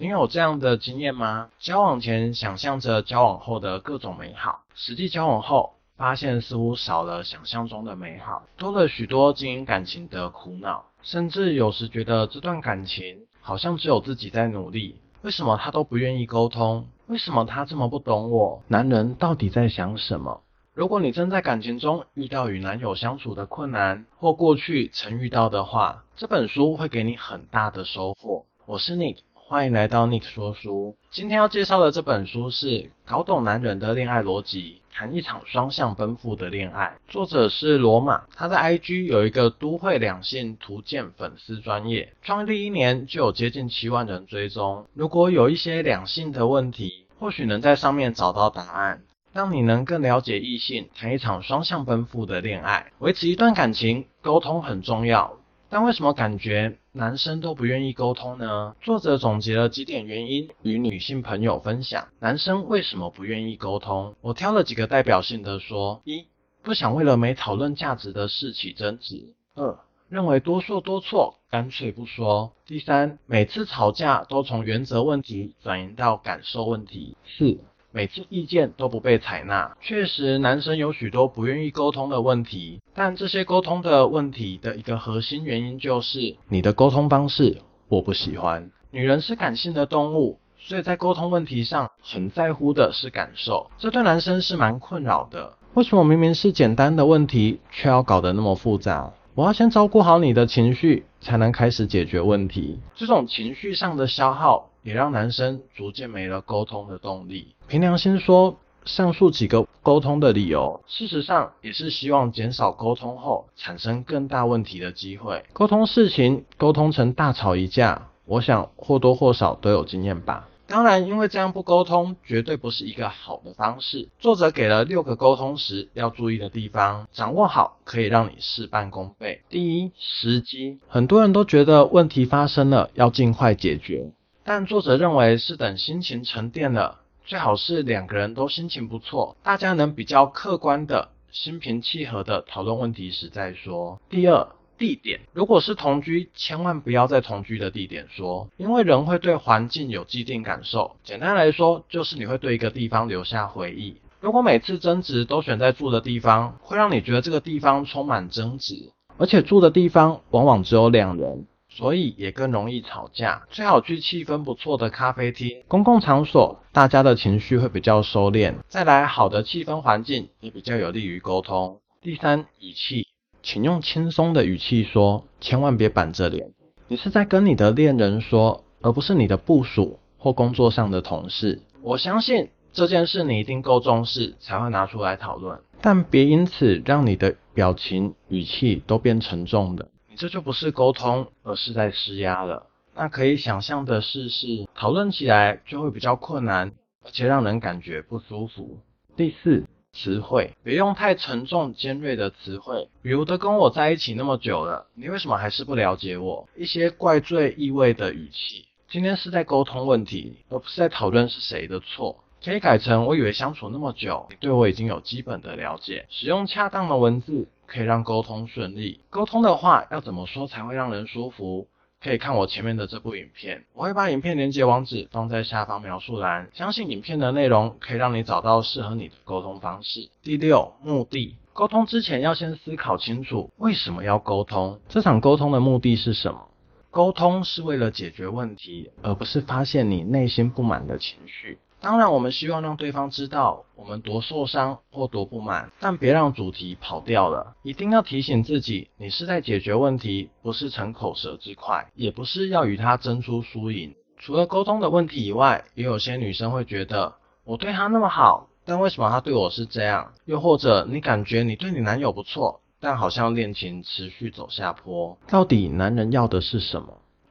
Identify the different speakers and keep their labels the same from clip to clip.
Speaker 1: 你有這樣的經驗嗎？交往前想象着交往後的各種美好，實際交往後，發現似乎少了想象中的美好，多了許多經營感情的苦惱，甚至有時覺得這段感情好像只有自己在努力，為什麼他都不願意溝通？為什麼他這麼不懂我？男人到底在想什麼？如果你正在感情中遇到與男友相處的困難，或過去曾遇到的話，這本書會給你很大的收穫。我是 Nick。歡迎來到 Nick 說書。今天要介紹的這本書是《搞懂男人的戀愛邏輯，談一場雙向奔赴的戀愛》，作者是羅馬。他在 IG 有一個“都會兩性圖鑑”粉絲專頁，創立一年就有接近七萬人追蹤。如果有一些兩性的問題，或許能在上面找到答案，讓你能更了解異性，談一場雙向奔赴的戀愛。維持一段感情，溝通很重要。但為什麼感覺男生都不願意溝通呢？作者總結了幾點原因，與女性朋友分享。男生為什麼不願意溝通？我挑了幾個代表性的說：一、不想為了沒討論價值的事起爭執；二、認為多說多錯，乾脆不說；第三，每次吵架都從原則問題轉移到感受問題；四、每次意見都不被採納，確實男生有許多不願意溝通的問題，但這些溝通的問題的一個核心原因就是你的溝通方式我不喜歡。女人是感性的動物，所以在溝通問題上很在乎的是感受，這對男生是蠻困擾的。為什麼明明是簡單的問題，卻要搞得那麼複雜？我要先照顧好你的情緒，才能開始解決問題。這種情緒上的消耗，也讓男生逐漸沒了溝通的動力。憑良心說，上述幾個溝通的理由，事實上也是希望減少溝通後產生更大問題的機會。溝通事情，溝通成大吵一架，我想或多或少都有經驗吧。當然，因為這樣不溝通，絕對不是一個好的方式。作者給了六個溝通時要注意的地方，掌握好可以讓你事半功倍。第一，時機。很多人都覺得問題發生了，要盡快解決。但作者認為是等心情沉澱了，最好是兩個人都心情不錯，大家能比較客觀的、心平氣和的討論問題時再說。第二，地點，如果是同居，千萬不要在同居的地點說，因為人會對環境有既定感受。簡單來說，就是你會對一個地方留下回憶。如果每次爭執都選在住的地方，會讓你覺得這個地方充滿爭執，而且住的地方往往只有兩人。所以也更容易吵架，最好去氣氛不錯的咖啡廳，公共場所，大家的情緒會比較收斂，再來好的氣氛環境，也比較有利於溝通。第三，語氣，請用輕鬆的語氣說，千萬別板着臉。你是在跟你的戀人說，而不是你的部屬或工作上的同事。我相信這件事你一定夠重視，才會拿出來討論，但別因此讓你的表情、語氣都變沉重了。這就不是溝通，而是在施壓了。那可以想象的是，是討論起來就會比較困難，而且讓人感覺不舒服。第四，詞彙，別用太沉重、尖銳的詞彙，比如的“都跟我在一起那麼久了，你為什麼還是不了解我？”一些怪罪意味的語氣。今天是在溝通問題，而不是在討論是誰的錯，可以改成“我以為相處那麼久，你對我已經有基本的了解。”使用恰當的文字。可以讓溝通順利。溝通的話要怎麼說才會讓人舒服？可以看我前面的這部影片，我會把影片連結網址放在下方描述欄，相信影片的內容可以讓你找到適合你的溝通方式。第六，目的。溝通之前要先思考清楚，為什麼要溝通？這場溝通的目的是什麼？溝通是為了解決問題，而不是發洩你內心不滿的情緒。當然，我們希望讓對方知道我們多受傷或多不滿，但別讓主題跑掉了。一定要提醒自己，你是在解決問題，不是逞口舌之快，也不是要與他爭出輸贏。除了溝通的問題以外，也有些女生會覺得，我對他那麼好，但為什麼他對我是這樣？又或者，你感覺你對你男友不錯，但好像戀情持續走下坡。到底男人要的是什麼？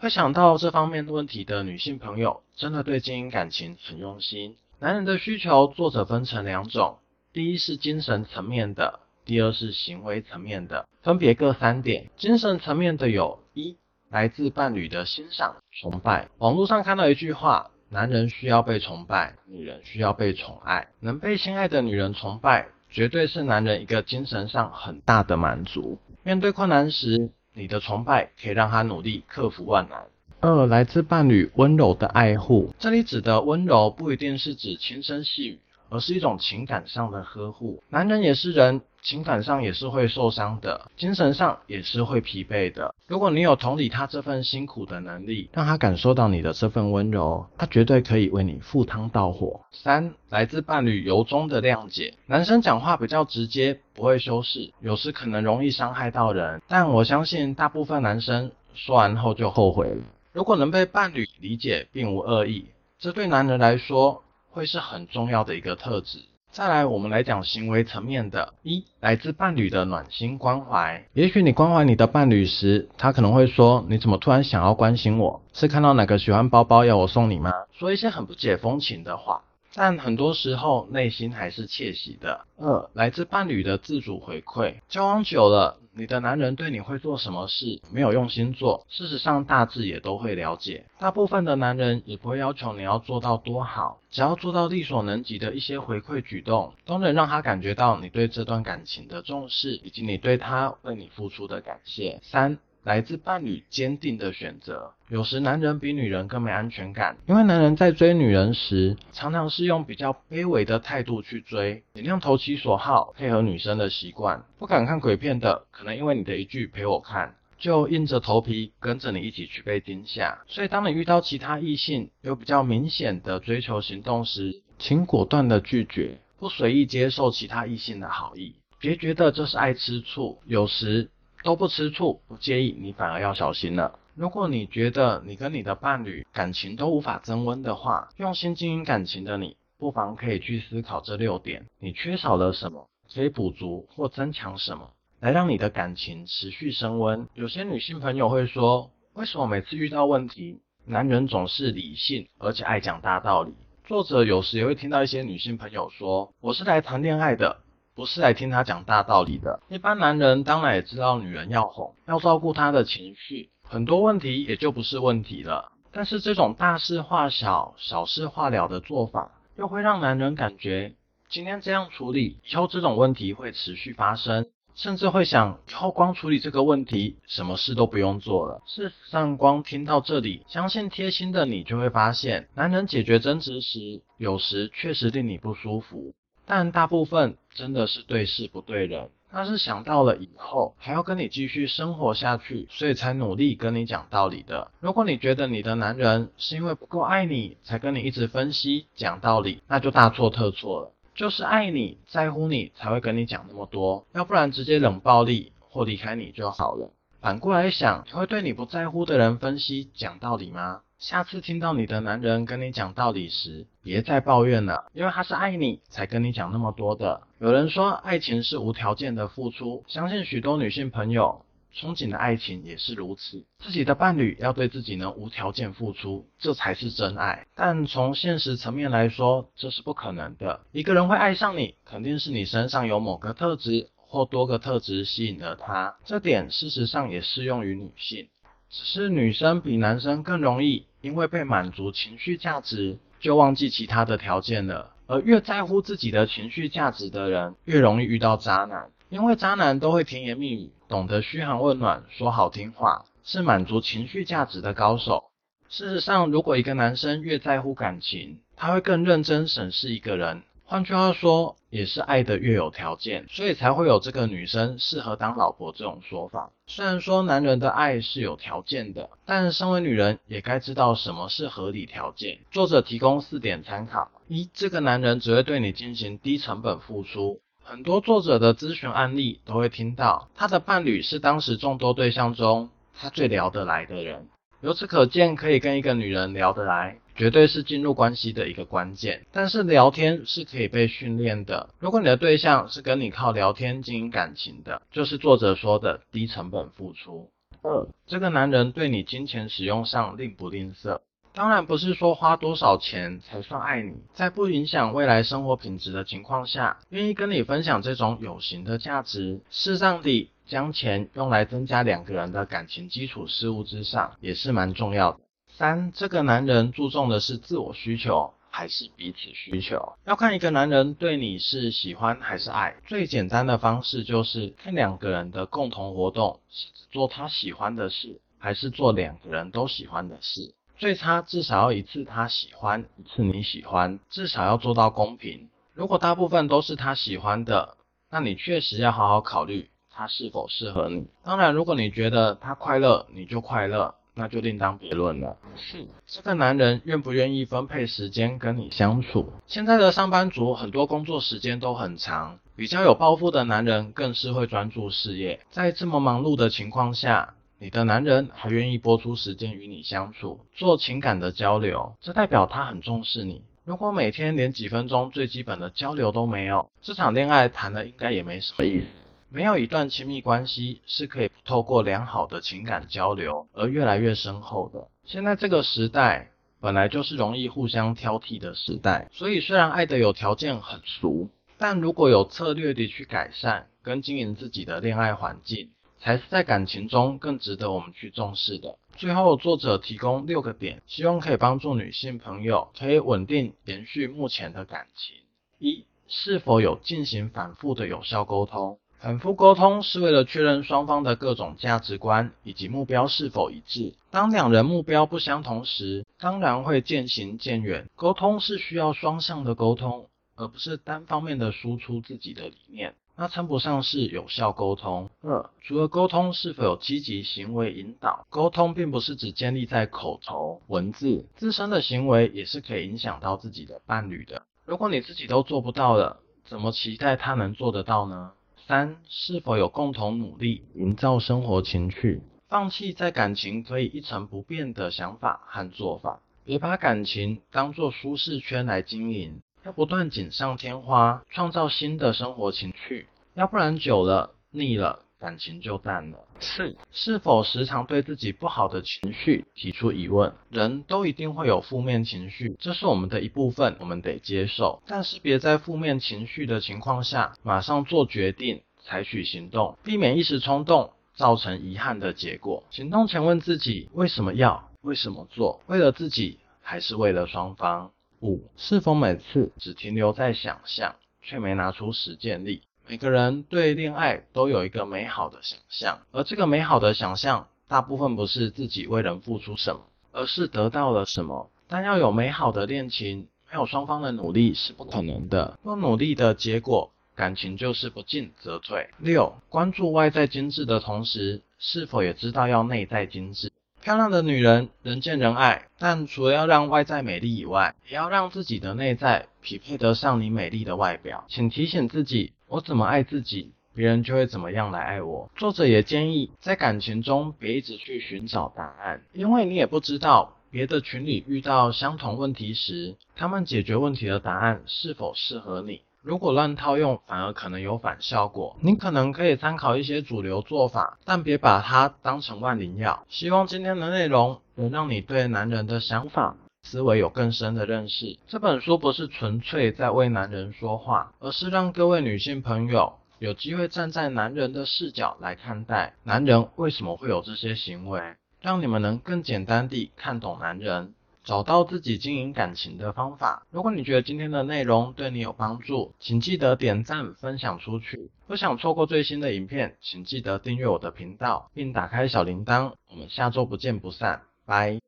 Speaker 1: 會想到這方面問題的女性朋友，真的對經營感情很用心。男人的需求，作者分成兩種，第一是精神層面的，第二是行為層面的，分別各三點。精神層面的有一，來自伴侶的欣賞、崇拜。網絡上看到一句話，男人需要被崇拜，女人需要被寵愛。能被心愛的女人崇拜，絕對是男人一個精神上很大的滿足。面對困難時，你的崇拜可以讓他努力克服萬難。二，來自伴侶溫柔的愛護，這裡指的溫柔不一定是指輕聲細語，而是一種情感上的呵護。男人也是人。情感上也是會受傷的，精神上也是會疲憊的。如果你有同理他這份辛苦的能力，讓他感受到你的這份溫柔，他絕對可以為你赴湯蹈火。三，來自伴侶由衷的諒解。男生講話比較直接，不會修飾，有時可能容易傷害到人，但我相信大部分男生說完後就後悔了。如果能被伴侶理解，並無惡意，這對男人來說會是很重要的一個特質。再來，我們來講行為層面的。一、來自伴侶的暖心關懷。也許你關懷你的伴侶時，他可能會說，你怎麼突然想要關心我？是看到哪個喜歡包包要我送你嗎？說一些很不解風情的話，但很多時候內心還是竊喜的。二、來自伴侶的自主回饋。交往久了。你的男人對你會做什麼事沒有用心做，事實上大致也都會了解。大部分的男人也不會要求你要做到多好，只要做到力所能及的一些回饋舉動，都能讓他感覺到你對這段感情的重視，以及你對他為你付出的感謝。三來自伴侶堅定的選擇。有時男人比女人更沒安全感，因為男人在追女人時，常常是用比較卑微的態度去追，盡量投其所好，配合女生的習慣。不敢看鬼片的，可能因為你的一句陪我看，就硬着頭皮跟着你一起去被驚嚇。所以當你遇到其他異性有比較明顯的追求行動時，請果斷的拒絕，不隨意接受其他異性的好意。別覺得這是愛吃醋，有時。都不吃醋，不介意，你反而要小心了。如果你覺得你跟你的伴侶感情都無法增溫的話，用心經營感情的你，不妨可以去思考這六點，你缺少了什麼，可以補足或增強什麼，來讓你的感情持續升溫。有些女性朋友會說，為什麼每次遇到問題，男人總是理性，而且愛講大道理？作者有時也會聽到一些女性朋友說，我是來談戀愛的。不是來聽他講大道理的，一般男人當然也知道女人要哄，要照顧他的情緒，很多問題也就不是問題了。但是這種大事化小，小事化了的做法，又會讓男人感覺今天這樣處理，以後這種問題會持續發生，甚至會想以後光處理這個問題，什麼事都不用做了。事實上，光聽到這裡，相信貼心的你就會發現，男人解決爭執時，有時確實令你不舒服。但大部分真的是對事不對人，他是想到了以後還要跟你繼續生活下去，所以才努力跟你講道理的。如果你覺得你的男人是因為不夠愛你才跟你一直分析講道理，那就大錯特錯了，就是愛你在乎你才會跟你講那麼多，要不然直接冷暴力或離開你就好了。反過來想，你會對你不在乎的人分析講道理嗎？下次聽到你的男人跟你講道理時，別再抱怨了，因為他是愛你才跟你講那麼多的。有人說愛情是無條件的付出，相信許多女性朋友憧憬的愛情也是如此，自己的伴侶要對自己呢無條件付出，這才是真愛。但從現實層面來說，這是不可能的。一個人會愛上你，肯定是你身上有某個特質或多個特質吸引了他，這點事實上也適用於女性，只是女生比男生更容易，因為被滿足情緒價值，就忘記其他的條件了。而越在乎自己的情緒價值的人，越容易遇到渣男。因為渣男都會甜言蜜語，懂得噓寒問暖，說好聽話，是滿足情緒價值的高手。事實上，如果一個男生越在乎感情，他會更認真審視一個人。換句話說，也是愛得越有條件，所以才會有這個女生適合當老婆這種說法。雖然說男人的愛是有條件的，但身為女人也該知道什麼是合理條件。作者提供四點參考：一，這個男人只會對你進行低成本付出。很多作者的諮詢案例都會聽到，他的伴侶是當時眾多對象中他最聊得來的人。由此可見，可以跟一個女人聊得來，絕對是進入關係的一個關鍵，但是聊天是可以被訓練的。如果你的對象是跟你靠聊天經營感情的，就是作者說的低成本付出。二、嗯，這個男人對你金錢使用上吝不吝嗇？當然不是說花多少錢才算愛你，在不影響未來生活品質的情況下，願意跟你分享這種有形的價值，適當的將錢用來增加兩個人的感情基礎事物之上，也是蠻重要的。三，這個男人注重的是自我需求還是彼此需求？要看一個男人對你是喜歡還是愛。最簡單的方式就是看兩個人的共同活動，是做他喜歡的事，還是做兩個人都喜歡的事。最差至少要一次他喜歡，一次你喜歡，至少要做到公平。如果大部分都是他喜歡的，那你確實要好好考慮他是否適合你。當然，如果你覺得他快樂，你就快樂。那就另當別論了。是，這個男人願不願意分配時間跟你相處？現在的上班族很多工作時間都很長，比較有抱負的男人更是會專注事業。在這麼忙碌的情況下，你的男人還願意撥出時間與你相處，做情感的交流，這代表他很重視你。如果每天連幾分鐘最基本的交流都沒有，這場戀愛談了應該也沒什麼意思。沒有一段親密關係是可以透過良好的情感交流而越來越深厚的。現在這個時代本來就是容易互相挑剔的時代，所以雖然愛的有條件很俗，但如果有策略地去改善跟經營自己的戀愛環境，才是在感情中更值得我們去重視的。最後，作者提供六個點，希望可以幫助女性朋友可以穩定延續目前的感情。一，是否有進行反復的有效溝通？反復溝通是為了確認雙方的各種價值觀以及目標是否一致。當兩人目標不相同時，當然會漸行漸遠。溝通是需要雙向的溝通，而不是單方面的輸出自己的理念，那稱不上是有效溝通。二、除了溝通是否有積極行為引導，溝通並不是只建立在口頭文字，自身的行為也是可以影響到自己的伴侶的。如果你自己都做不到了，怎麼期待他能做得到呢？三，是否有共同努力營造生活情趣？放棄在感情可以一成不變的想法和做法，別把感情當作舒適圈來經營，要不斷錦上添花，創造新的生活情趣，要不然久了膩了。感情就淡了。四，是否時常對自己不好的情緒提出疑問？人都一定會有負面情緒，這是我們的一部分，我們得接受。但是別在負面情緒的情況下馬上做決定，採取行動，避免一時衝動造成遺憾的結果。行動前問自己為什麼要，為什麼做，為了自己還是為了雙方？五，是否每次只停留在想象，卻沒拿出實踐力？每個人對戀愛都有一個美好的想象，而這個美好的想象，大部分不是自己為人付出什麼，而是得到了什麼。但要有美好的戀情，沒有雙方的努力是不可能的。不努力的結果，感情就是不進則退。六、關注外在精致的同時，是否也知道要內在精致？漂亮的女人人見人愛，但除了要讓外在美麗以外，也要讓自己的內在匹配得上你美麗的外表。請提醒自己。我怎麼愛自己，別人就會怎麼樣來愛我。作者也建議，在感情中別一直去尋找答案，因為你也不知道別的群裡遇到相同問題時，他們解決問題的答案是否適合你。如果亂套用，反而可能有反效果。你可能可以參考一些主流做法，但別把它當成萬靈藥。希望今天的內容能讓你對男人的想法、思維有更深的認識。這本書不是純粹在為男人說話，而是讓各位女性朋友有機會站在男人的視角來看待，男人為什麼會有這些行為，讓你們能更簡單地看懂男人，找到自己經營感情的方法。如果你覺得今天的內容對你有幫助，請記得點讚分享出去。不想錯過最新的影片，請記得訂閱我的頻道，並打開小鈴鐺。我們下周不見不散，拜。